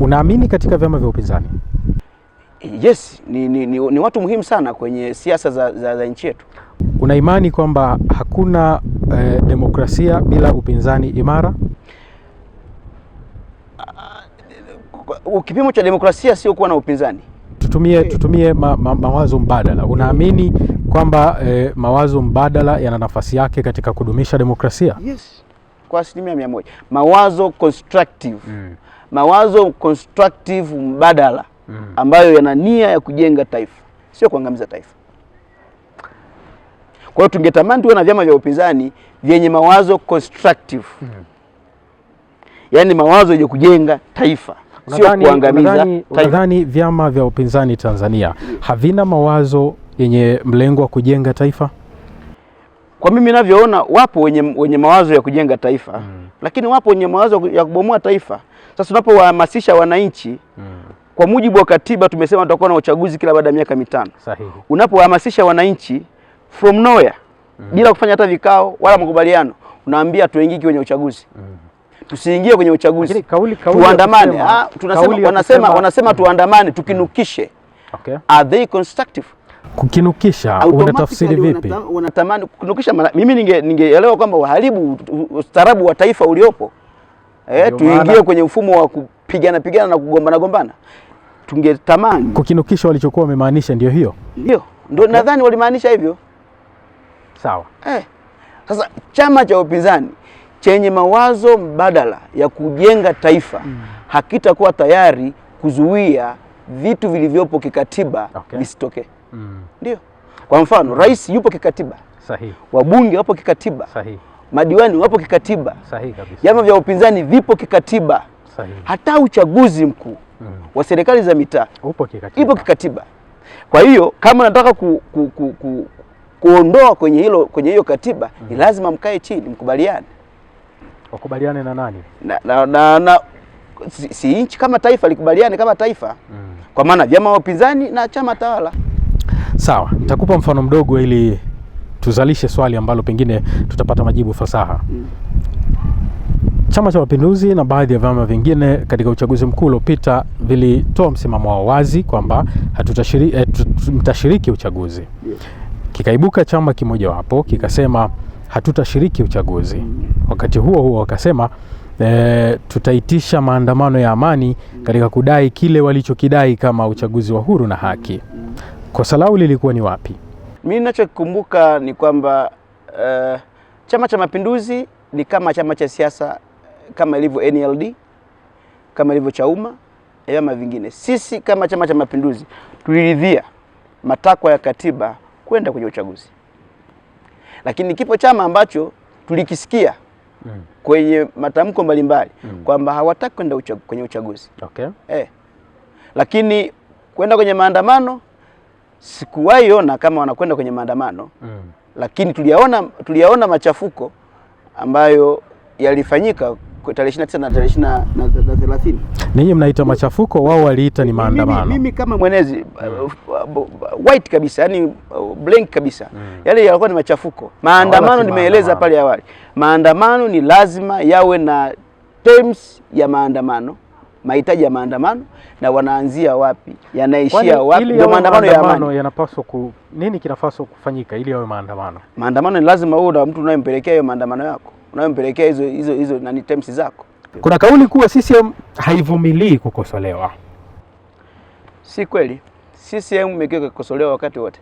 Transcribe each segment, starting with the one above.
Unaamini katika vyama vya upinzani? Yes, ni, ni, ni, ni watu muhimu sana kwenye siasa za, za, za nchi yetu. Una imani kwamba hakuna eh, demokrasia bila upinzani imara? Uh, kipimo cha demokrasia sio kuwa na upinzani. Tutumie, eh. tutumie ma, ma, mawazo mbadala. Unaamini kwamba eh, mawazo mbadala yana nafasi yake katika kudumisha demokrasia? Yes kwa asilimia mia moja mawazo constructive mm. mawazo constructive mbadala mm. ambayo yana nia ya kujenga taifa, sio kuangamiza taifa. Kwa hiyo tungetamani tuwe na vyama vya upinzani vyenye mawazo constructive mm. yaani mawazo yenye kujenga taifa sio taifa. Nadhani vyama vya upinzani Tanzania havina mawazo yenye mlengo wa kujenga taifa. Kwa mimi ninavyoona, wapo wenye, wenye mawazo ya kujenga taifa mm. lakini wapo wenye mawazo ya kubomoa taifa. Sasa tunapowahamasisha wananchi mm. kwa mujibu wa katiba tumesema tutakuwa na uchaguzi kila baada ya miaka mitano. Sahihi. Unapohamasisha wananchi from nowhere mm. bila kufanya hata vikao wala makubaliano, unaambia tuingiki kwenye uchaguzi mm. tusiingie kwenye uchaguzi, tuandamane. Ah, wanasema wanasema tuandamane tukinukishe. Okay. Are they constructive? Kukinukisha unatafsiri vipi? Unatamani kukinukisha. Mimi ningeelewa kwamba uharibu ustaarabu wa taifa uliopo eh, tuingie kwenye mfumo wa kupigana pigana na kugombana gombana. Tungetamani kukinukisha, walichokuwa wamemaanisha ndio hiyo, ndio ndio, okay. Nadhani walimaanisha hivyo, sawa eh. Sasa chama cha upinzani chenye mawazo mbadala ya kujenga taifa hmm, hakitakuwa tayari kuzuia vitu vilivyopo kikatiba visitokee, okay mm. Ndio, kwa mfano rais yupo kikatiba sahihi, wabunge wapo kikatiba sahihi, madiwani wapo kikatiba sahihi kabisa, vyama vya upinzani vipo kikatiba sahihi, hata uchaguzi mkuu mm. wa serikali za mitaa upo kikatiba, ipo kikatiba. Kwa hiyo kama nataka ku, ku, ku, ku, kuondoa kwenye hilo kwenye hiyo katiba mm. ni lazima mkae chini mkubaliane. Wakubaliane na nani? na, na, na, na si, si nchi kama taifa likubaliane kama taifa mm. kwa maana vyama vya upinzani na chama tawala. Sawa, nitakupa mfano mdogo ili tuzalishe swali ambalo pengine tutapata majibu fasaha. Chama cha Mapinduzi na baadhi ya vyama vingine katika uchaguzi mkuu uliopita vilitoa msimamo wao wazi kwamba hatutashiriki eh, uchaguzi. Kikaibuka chama kimojawapo kikasema hatutashiriki uchaguzi. Wakati huo huo wakasema E, tutaitisha maandamano ya amani katika kudai kile walichokidai kama uchaguzi wa huru na haki kosa lao lilikuwa ni wapi? Mi ninachokikumbuka ni kwamba uh, Chama cha Mapinduzi ni kama chama cha siasa kama ilivyo NLD, kama ilivyo Chauma na vyama vingine. Sisi kama Chama cha Mapinduzi tuliridhia matakwa ya katiba kwenda kwenye uchaguzi, lakini kipo chama ambacho tulikisikia mm. kwenye matamko mbalimbali mm. kwamba hawataki kwenda uchag kwenye uchaguzi okay. Eh, lakini kwenda kwenye maandamano sikuwahi ona kama wanakwenda kwenye maandamano mm. Lakini tuliyaona, tuliyaona machafuko ambayo yalifanyika tarehe 29 na tarehe 30. Ninyi mnaita machafuko, wao waliita ni maandamano. Mimi kama mwenezi mm. uh, uh, white kabisa, yani uh, blank kabisa mm. Yale yalikuwa ni machafuko. Maandamano nimeeleza pale awali, maandamano ni lazima yawe na terms ya maandamano mahitaji ya maandamano na wanaanzia wapi, yanaishia wapi? Ndio maandamano ya amani yanapaswa ku nini, kinapaswa kufanyika ili yawe maandamano? Maandamano ni lazima uwe na mtu unayempelekea hiyo maandamano yako, unayempelekea hizo hizo hizo nani terms zako. Kuna kauli kuwa CCM haivumilii kukosolewa, si kweli? CCM imekuwa ikikosolewa wakati wote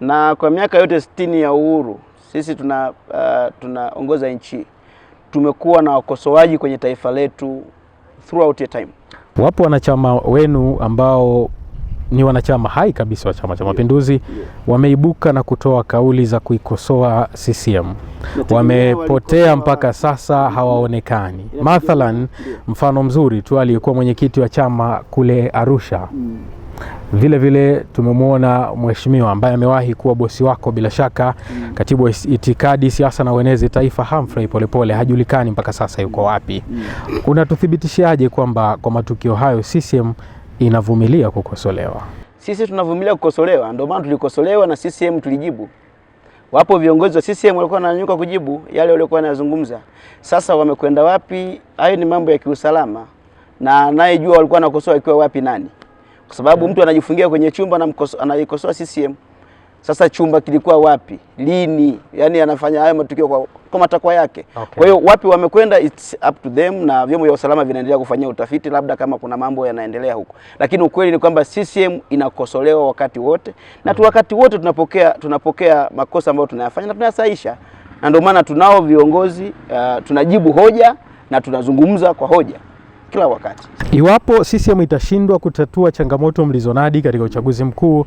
na kwa miaka yote sitini ya uhuru sisi tuna uh, tunaongoza nchi tumekuwa na wakosoaji kwenye taifa letu, throughout your time. Wapo wanachama wenu ambao ni wanachama hai kabisa wa Chama cha Mapinduzi yeah. wameibuka na kutoa kauli za kuikosoa CCM, wamepotea mpaka sasa hawaonekani. Mathalan, mfano mzuri tu aliyekuwa mwenyekiti wa chama kule Arusha Yeah. Mm. Vile vile tumemwona mheshimiwa ambaye amewahi kuwa bosi wako bila shaka, mm. katibu wa itikadi, siasa na uenezi taifa, Humphrey Polepole, hajulikani mpaka sasa yuko wapi. mm. Unatuthibitishaje kwamba kwa matukio hayo CCM inavumilia kukosolewa? Sisi tunavumilia kukosolewa, ndio maana tulikosolewa na CCM tulijibu. Wapo viongozi wa CCM walikuwa wananyuka kujibu yale waliokuwa wanazungumza. Sasa wamekwenda wapi? Hayo ni mambo ya kiusalama, na anayejua walikuwa wanakosoa ikiwa wapi nani? kwa sababu mhm. mtu anajifungia kwenye chumba na anaikosoa CCM. Sasa chumba kilikuwa wapi lini? Yani anafanya hayo matukio kwa, kwa matakwa yake okay. Kwa hiyo wapi wamekwenda, it's up to them, na vyombo vya usalama vinaendelea kufanyia utafiti, labda kama kuna mambo yanaendelea huko, lakini ukweli ni kwamba CCM inakosolewa wakati wote na tu mm. wakati wote tunapokea, tunapokea makosa ambayo tunayafanya na tunayasaisha, na ndio maana tunao viongozi uh, tunajibu hoja na tunazungumza kwa hoja kila wakati. Iwapo CCM itashindwa kutatua changamoto mlizonadi katika uchaguzi mkuu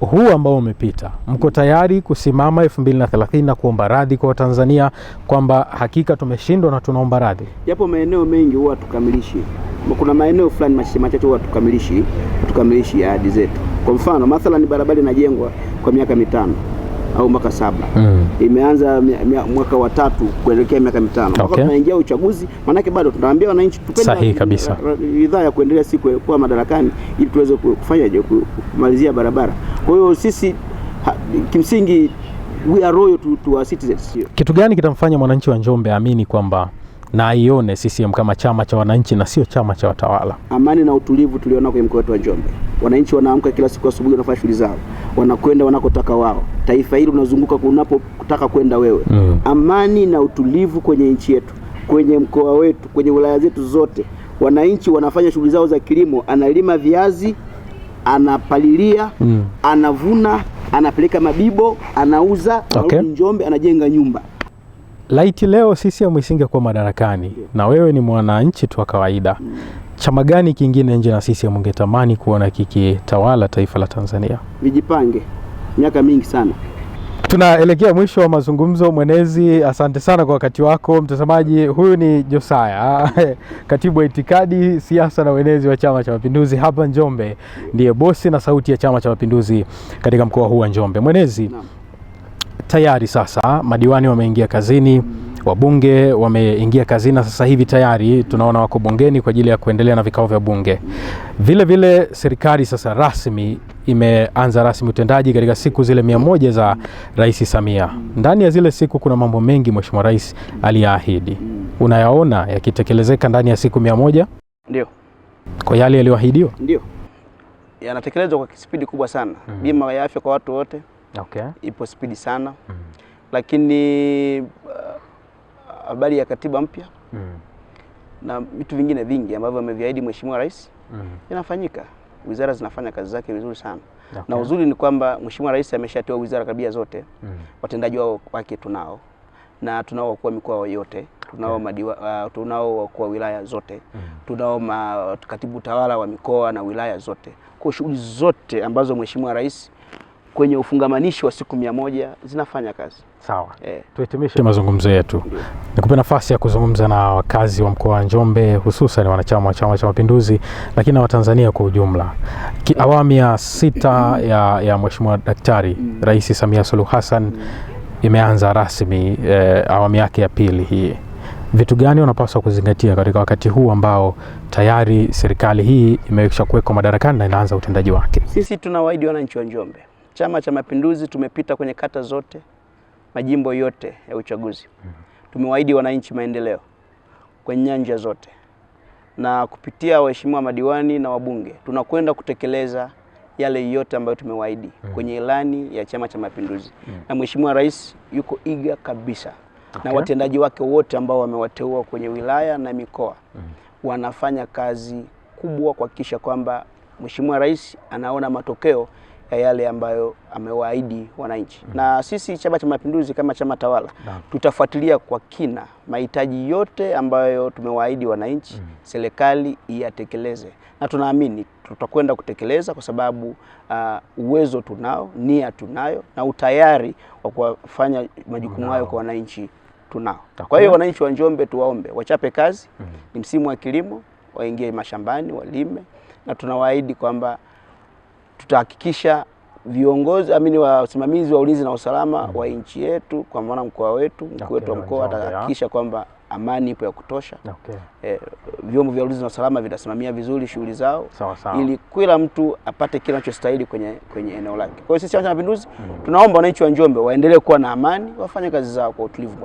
huu ambao umepita, mko tayari kusimama 2030 na kuomba radhi kwa Watanzania kwamba hakika tumeshindwa na tunaomba radhi? yapo maeneo mengi huwa tukamilishi, kuna maeneo fulani machache huwa tukamilishi tukamilishi ahadi zetu. Kwa mfano mathalan, barabara inajengwa kwa miaka mitano au mwaka saba mm. Imeanza mwaka wa tatu kuelekea miaka mitano okay. Tunaingia uchaguzi, maanake bado tunaambia wananchi tupende kabisa ridhaa ya kuendelea si kuwa madarakani, ili tuweze kufanyaje kumalizia barabara. Kwa hiyo sisi ha, kimsingi we are royal to, to our citizens. Kitu gani kitamfanya mwananchi wa Njombe aamini kwamba na aione CCM kama chama cha wananchi na sio chama cha watawala. Amani na utulivu tuliona kwenye mkoa wetu wa Njombe, wananchi wanaamka kila siku asubuhi, wanafanya shughuli zao, wanakwenda wanakotaka wao. Taifa hili unazunguka unapotaka kwenda wewe mm. Amani na utulivu kwenye nchi yetu, kwenye mkoa wetu, kwenye wilaya zetu zote, wananchi wanafanya shughuli zao za kilimo, analima viazi, anapalilia mm. anavuna, anapeleka mabibo, anauza, okay. Njombe anajenga nyumba laiti leo CCM isingekuwa madarakani na wewe ni mwananchi tu wa kawaida, chama gani kingine nje na CCM ungetamani kuona kikitawala taifa la Tanzania? Vijipange miaka mingi sana. Tunaelekea mwisho wa mazungumzo mwenezi, asante sana kwa wakati wako mtazamaji. Huyu ni Josaya katibu wa itikadi, siasa na uenezi wa Chama cha Mapinduzi hapa Njombe, ndiye bosi na sauti ya Chama cha Mapinduzi katika mkoa huu wa Njombe. Mwenezi na tayari sasa madiwani wameingia kazini, wabunge wameingia kazini na sasa hivi tayari tunaona wako bungeni kwa ajili ya kuendelea na vikao vya bunge. Vile vile serikali sasa rasmi imeanza rasmi utendaji katika siku zile mia moja za Rais Samia. Ndani ya zile siku kuna mambo mengi Mheshimiwa Rais aliyaahidi, unayaona yakitekelezeka ndani ya siku mia moja? Ndio. Kwa yale yaliyoahidiwa ndio yanatekelezwa kwa kispidi kubwa sana. Hmm. Bima ya afya kwa watu wote okay. ipo spidi sana mm. Lakini uh, habari uh, ya katiba mpya mm. na vitu vingine vingi ambavyo ameviahidi Mheshimiwa Rais mm. inafanyika, wizara zinafanya kazi zake vizuri sana okay. Na uzuri ni kwamba Mheshimiwa Rais ameshatoa wizara karibia zote mm. watendaji wao wake tunao na tunao wakuu wa mikoa yote tunao okay. uh, tunao wa wilaya zote mm. tunao katibu tawala wa mikoa na wilaya zote. Kwa shughuli zote ambazo Mheshimiwa Rais kwenye ufungamanishi wa siku mia moja zinafanya kazi sawa. Eh, tuhitimishe mazungumzo yetu. Nikupe nafasi ya kuzungumza na wakazi wa mkoa wa Njombe, hususan wanachama wa Chama cha Mapinduzi, lakini na Watanzania kwa ujumla. Awamu ya sita ya, ya Mheshimiwa Daktari mm. Rais Samia Suluhu Hassan mm. imeanza rasmi eh, awamu yake ya pili hii vitu gani unapaswa kuzingatia katika wakati huu ambao tayari serikali hii imewekisha kuwekwa madarakani na inaanza utendaji wake? Sisi tunawaahidi wananchi wa Njombe Chama cha Mapinduzi tumepita kwenye kata zote, majimbo yote ya uchaguzi. Mm-hmm. Tumewaahidi wananchi maendeleo kwenye nyanja zote, na kupitia waheshimiwa madiwani na wabunge tunakwenda kutekeleza yale yote ambayo tumewaahidi mm-hmm. kwenye ilani ya Chama cha Mapinduzi. Mm-hmm. Na Mheshimiwa Rais yuko iga kabisa Okay. Na watendaji wake wote ambao wamewateua kwenye wilaya na mikoa mm. wanafanya kazi kubwa kuhakikisha kwamba Mheshimiwa Rais anaona matokeo ya yale ambayo amewaahidi wananchi mm -hmm. Na sisi Chama cha Mapinduzi kama chama tawala tutafuatilia kwa kina mahitaji yote ambayo tumewaahidi wananchi mm -hmm. serikali iyatekeleze, na tunaamini tutakwenda kutekeleza kwa sababu uh, uwezo tunao, nia tunayo, na utayari wa kufanya majukumu hayo kwa wananchi tunao. Kwa hiyo wananchi wa Njombe tuwaombe wachape kazi mm -hmm. ni msimu wa kilimo, waingie mashambani walime, na tunawaahidi kwamba tutahakikisha viongozi amini, wasimamizi wa ulinzi na usalama mm wa nchi yetu kwa maana mkoa wetu mkuu okay, wetu wa mkoa atahakikisha kwamba amani ipo ya kutosha okay. Eh, vyombo vya ulinzi na usalama vitasimamia vizuri shughuli zao sawa sawa, ili kila mtu apate kile anachostahili kwenye, kwenye eneo lake. Kwa hiyo sisi Chama cha Mapinduzi mm tunaomba wananchi wa Njombe waendelee kuwa na amani, wafanye kazi zao kwa utulivu.